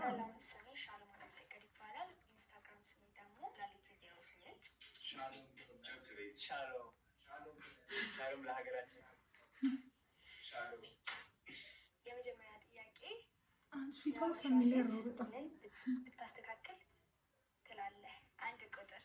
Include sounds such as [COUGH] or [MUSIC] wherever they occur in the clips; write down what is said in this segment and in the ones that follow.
ሰላም ስሜ ሻሎም አብሰገድ ይባላል። ኢንስታግራም ስሜ ደግሞ ላሊት ዜሮ ስምንት ሻሎም ለሀገራችን የመጀመሪያ ጥያቄ ምን ብታስተካክል ትላለህ? አንድ ቁጥር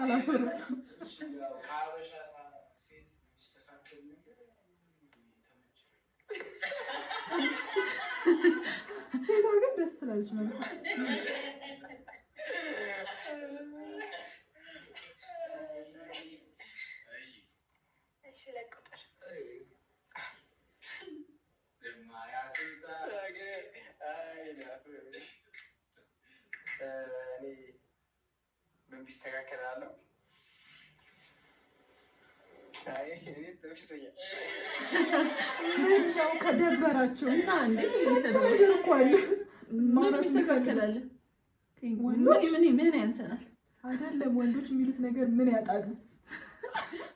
Hala soru. ሴቷ ግን ደስ ትላለች ማለት ነው። ቢስተካከል አለው። ምነው ከደበራቸው እና ይስተካከላል። ምን ያንሰናል? አይደለም ወንዶች የሚሉት ነገር ምን ያጣሉ?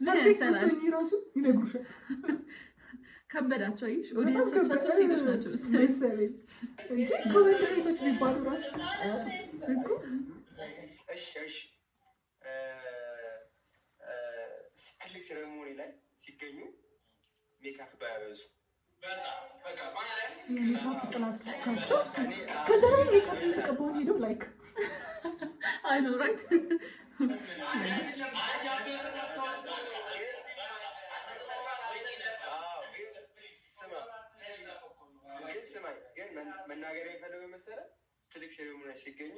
ምን ያንሰናል? ራሱ ይነግሩሻል። ከበዳቸው ይሽ ሴቶች ናቸው መሰለኝ እንጂ ከወንድ ሴቶች የሚባሉ ራሱ ጥላቶቻቸው ከዛ ደግሞ ሜካፕ የተቀባውን ሄደው ላይክ አይኖራት መናገር የፈለገው መሰለህ ትልቅ ሴሬሞኒ ሲገኙ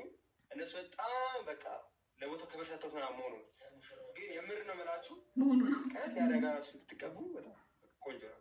እነሱ በጣም በቃ ለቦታው ክብር ሰጥተውት ምናምን መሆኑ ግን የምር ነው የምላችሁ መሆኑ ነው። ቀለል ያደረጋ ራሱ ብትቀቡ በጣም ቆንጆ ነው።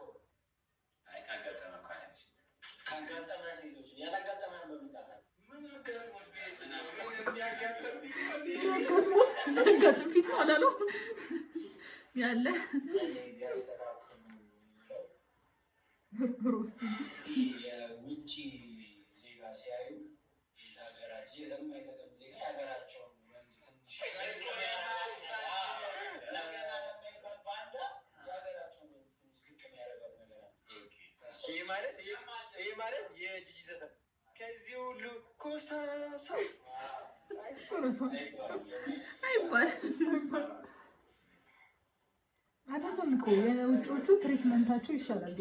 ካጋጠመ ሴቶች ያላጋጠመ መምጣታል ያጋጥም ፊት ሆናሉ ያለ ውጭ ዜጋ ሲያዩ ማለት ይሄ ማለት የጂጂ ዘፈን ከዚህ ሁሉ ኮሳሳ አይባልም እኮ የውጮቹ ትሪትመንታቸው ይሻላል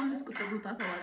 አምስት ቁጥር ቦታ ተባለ።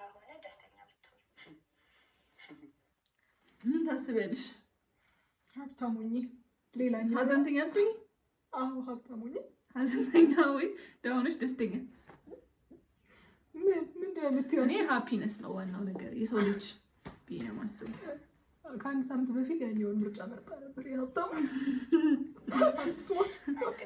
ያስበልሽ። ሀብታሙኝ ሌላኛው ሀዘንተኛ አትሁኝ። አዎ ሀብታሙኝ ሀዘንተኛ ወይ ደሆነች ደስተኛ ምንድን ነው የምትይው? እኔ ሀፒነስ ነው ዋናው ነገር የሰው ልጅ ብዬ ነው የማስበው። ከአንድ ሳምንት በፊት ያኛውን ምርጫ መርጣ ነበር የሀብታሙ ስሞት [LAUGHS]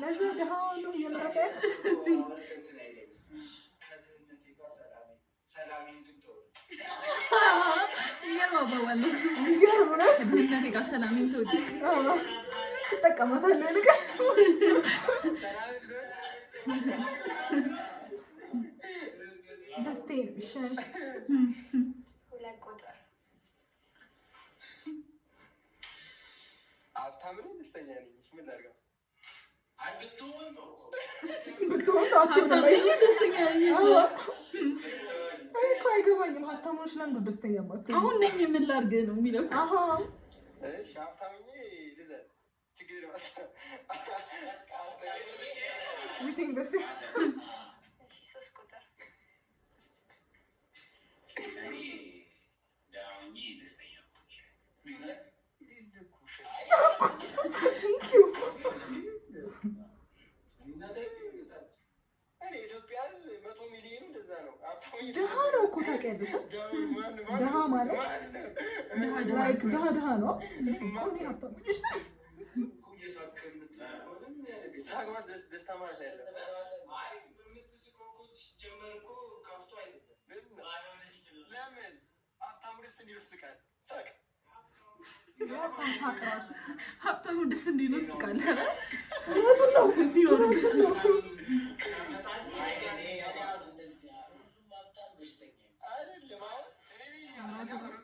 ለዚህ ድሃውኑ የምረጠ ደስቴ ነው ይሻል። ባታምን ደስተኛ ነኝ። ምን ላድርገው? አይገባኝም። ሀብታሞች ለምን ደስተኛ አሁን ነኝ ምን ነው የሚለው ሀብታም ድሃ ድሃ ነው። ሀብታሙ ደስ እንዲለው ስቃል። እውነቱን ነው። እውነቱን ነው።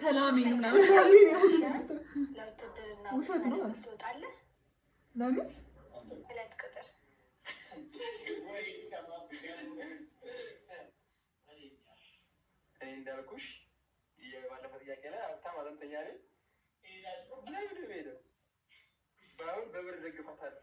ሰላሜ ውሸት ነው። ለምን እንዳልኩሽ የባለፈ ጥያቄ ላይ ሀብታም አለምተኛ ነኝ። በአሁን በብር ደግፋታለሁ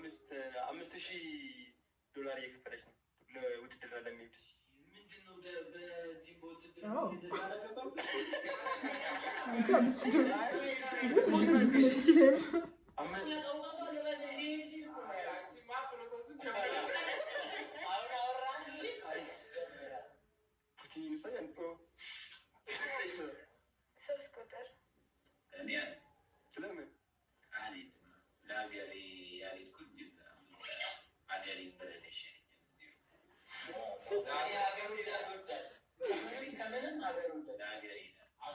አምስት አምስት ሺህ ዶላር እየከፈለች ነው ውትድርና ለሚሄድ ምንድነው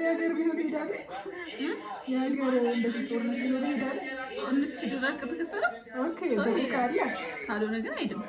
የሀገር ቢሆን እሄዳለሁ። የሀገር እንደዚህ ጦርነት ቢሆን እሄዳለሁ። አምስት ሺህ ዶላር ከተከፈለ ካልሆነ ግን አይደለም።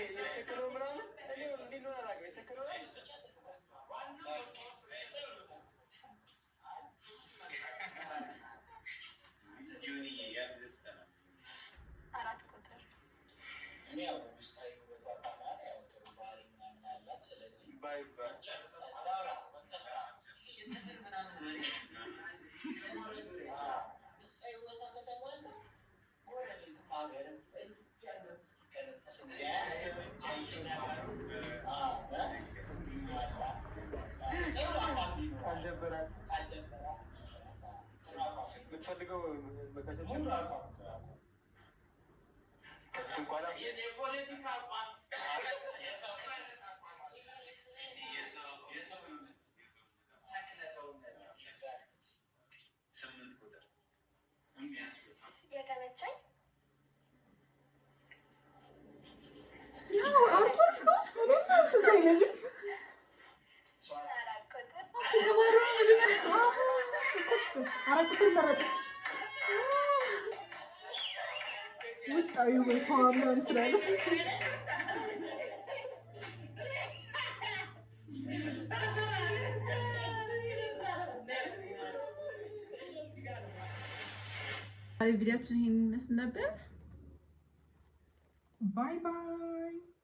የሰውነት ስምንት Ustayımı tamamlarım sırada. Birer için henilmesinde bir. Bye bye.